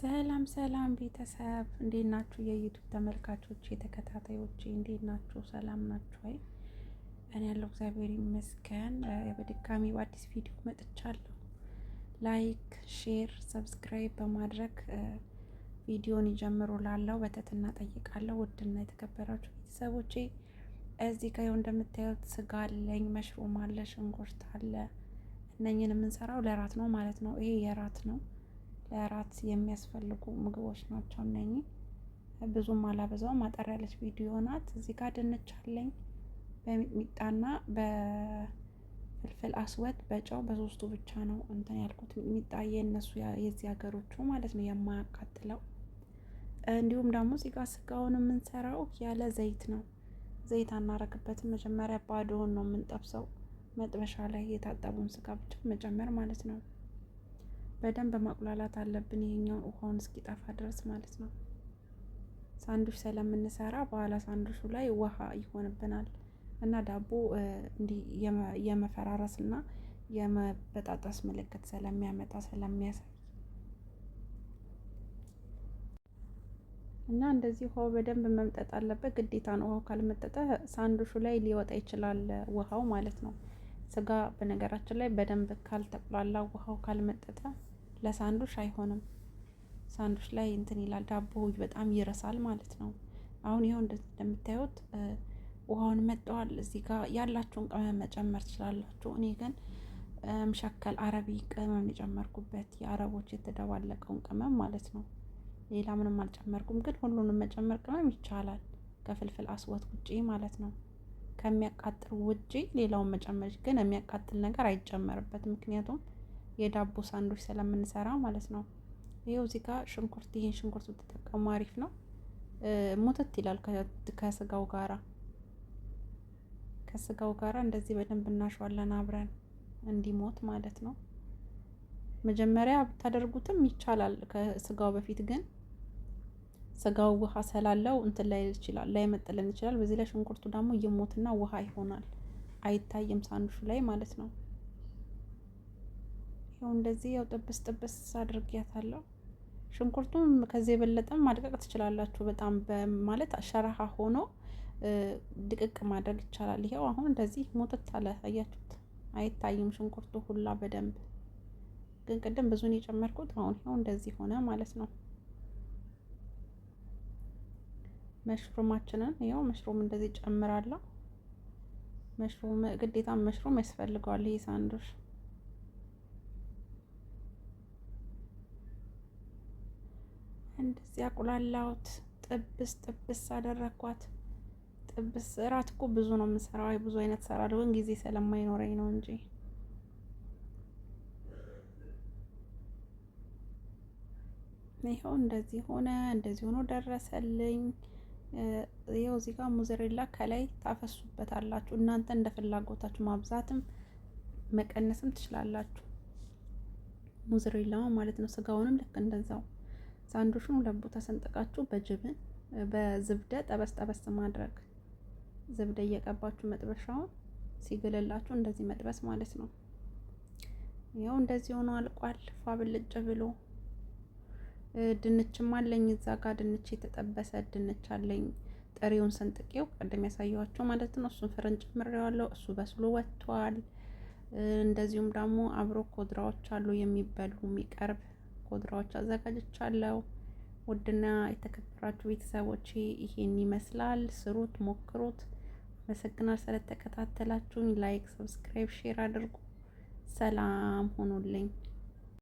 ሰላም ሰላም ቤተሰብ እንዴት ናችሁ? የዩቱብ ተመልካቾች የተከታታዮች እንዴት ናችሁ? ሰላም ናችሁ ወይ? እኔ ያለው እግዚአብሔር ይመስገን። በድጋሚ በአዲስ ቪዲዮ መጥቻለሁ። ላይክ፣ ሼር፣ ሰብስክራይብ በማድረግ ቪዲዮን ይጀምሩ ላለው በትህትና ጠይቃለሁ። ውድና የተከበራችሁ ቤተሰቦቼ እዚህ ጋር እንደምታዩት ስጋ አለኝ፣ መሽሮም አለ፣ ሽንኩርት አለ። እነኝን የምንሰራው ለራት ነው ማለት ነው። ይሄ የራት ነው ለራት የሚያስፈልጉ ምግቦች ናቸው እነኚህ። ብዙም አላበዛውም፣ አጠር ያለች ቪዲዮ ናት። እዚህ ጋር ድንች አለኝ በሚጥሚጣና በፍልፍል አስወት በጨው በሶስቱ ብቻ ነው እንትን ያልኩት። ሚጣ የእነሱ የዚህ ሀገሮቹ ማለት ነው የማያቃጥለው። እንዲሁም ደግሞ እዚህ ጋር ስጋውን የምንሰራው ያለ ዘይት ነው። ዘይት አናረግበትም። መጀመሪያ ባዶውን ነው የምንጠብሰው። መጥበሻ ላይ የታጠቡን ስጋ ብቻ መጨመር ማለት ነው። በደንብ ማቁላላት አለብን። ይሄኛውን ውሃውን እስኪጠፋ ድረስ ማለት ነው። ሳንዱሽ ስለምንሰራ በኋላ ሳንዱሹ ላይ ውሃ ይሆንብናል እና ዳቦ እንዲህ የመፈራረስ እና የመበጣጠስ ምልክት ስለሚያመጣ ስለሚያሳይ እና እንደዚህ ውሃው በደንብ መምጠጥ አለበት ግዴታ ነው። ውሃው ካልመጠጠ ሳንዱሹ ላይ ሊወጣ ይችላል ውሃው ማለት ነው። ስጋ በነገራችን ላይ በደንብ ካልተቁላላ ውሃው ካልመጠጠ ለሳንዱሽ አይሆንም። ሳንዱሽ ላይ እንትን ይላል፣ ዳቦ በጣም ይረሳል ማለት ነው። አሁን ይኸው እንደምታዩት ውሃውን መጠዋል። እዚህ ጋር ያላችሁን ቅመም መጨመር ትችላላችሁ። እኔ ግን ምሸከል አረቢ ቅመም የጨመርኩበት የአረቦች የተደባለቀውን ቅመም ማለት ነው። ሌላ ምንም አልጨመርኩም፣ ግን ሁሉንም መጨመር ቅመም ይቻላል። ከፍልፍል አስወት ውጪ ማለት ነው። ከሚያቃጥል ውጪ ሌላውን መጨመር ግን የሚያቃጥል ነገር አይጨመርበት ምክንያቱም የዳቦ ሳንዶች ስለምንሰራ ማለት ነው። ይኸው እዚህ ጋ ሽንኩርት ይህን ሽንኩርት ብትጠቀሙ አሪፍ ነው። ሞተት ይላል ከስጋው ጋራ ከስጋው ጋራ እንደዚህ በደንብ እናሸዋለን አብረን እንዲሞት ማለት ነው። መጀመሪያ ብታደርጉትም ይቻላል ከስጋው በፊት ግን ስጋው ውሃ ስላለው እንትን ላይ ይችላል ላይ መጥለን ይችላል። በዚህ ላይ ሽንኩርቱ ደግሞ እየሞትና ውሃ ይሆናል አይታይም ሳንዱሹ ላይ ማለት ነው። ይኸው እንደዚህ ያው ጥብስ ጥብስ አድርጊያታለሁ። ሽንኩርቱም ከዚህ የበለጠም ማድቀቅ ትችላላችሁ። በጣም በማለት ሸረሃ ሆኖ ድቅቅ ማድረግ ይቻላል። ይኸው አሁን እንደዚህ ሞተት አለ። አያችሁት? አይታይም ሽንኩርቱ ሁላ በደንብ ግን ቅድም ብዙን የጨመርኩት አሁን ይኸው እንደዚህ ሆነ ማለት ነው። መሽሩማችንን ይኸው መሽሩም እንደዚህ ጨምራለሁ። መሽሩም ግዴታ መሽሩም ያስፈልገዋል ይሄ ሳንዱሽ እንደዚህ አቁላላሁት። ጥብስ ጥብስ አደረግኳት። ጥብስ እራት እኮ ብዙ ነው የምሰራው። ብዙ አይነት እሰራለሁ ግን ጊዜ ስለማይኖረኝ ነው እንጂ ይኸው እንደዚህ ሆነ። እንደዚህ ሆኖ ደረሰልኝ። ይኸው እዚህ ጋር ሙዘሬላ ከላይ ታፈሱበታላችሁ። እናንተ እንደ ፍላጎታችሁ ማብዛትም መቀነስም ትችላላችሁ። ሙዘሬላው ማለት ነው። ስጋውንም ልክ እንደዛው ሳንዱሹን ሁለት ቦታ ሰንጥቃችሁ በጅብን በዝብደ ጠበስ ጠበስ ማድረግ ዝብደ እየቀባችሁ መጥበሻውን ሲግልላችሁ እንደዚህ መጥበስ ማለት ነው። ያው እንደዚህ ሆኖ አልቋል። ፏ ብልጭ ብሎ ድንችም አለኝ እዛ ድንች የተጠበሰ ድንች አለኝ። ጥሬውን ሰንጥቄው ቀደም ያሳየኋቸው ማለት ነው። እሱን ፍርን ጨምሬዋለሁ። እሱ በስሎ ወጥቷል። እንደዚሁም ደግሞ አብሮ ኮድራዎች አሉ የሚበሉ የሚቀርብ ኮድራዎች አዘጋጅቻለሁ። ውድና የተከበራችሁ ቤተሰቦቼ ይሄን ይመስላል። ስሩት፣ ሞክሩት። አመሰግናል ስለተከታተላችሁኝ። ላይክ፣ ሰብስክራይብ፣ ሼር አድርጉ። ሰላም ሆኖልኝ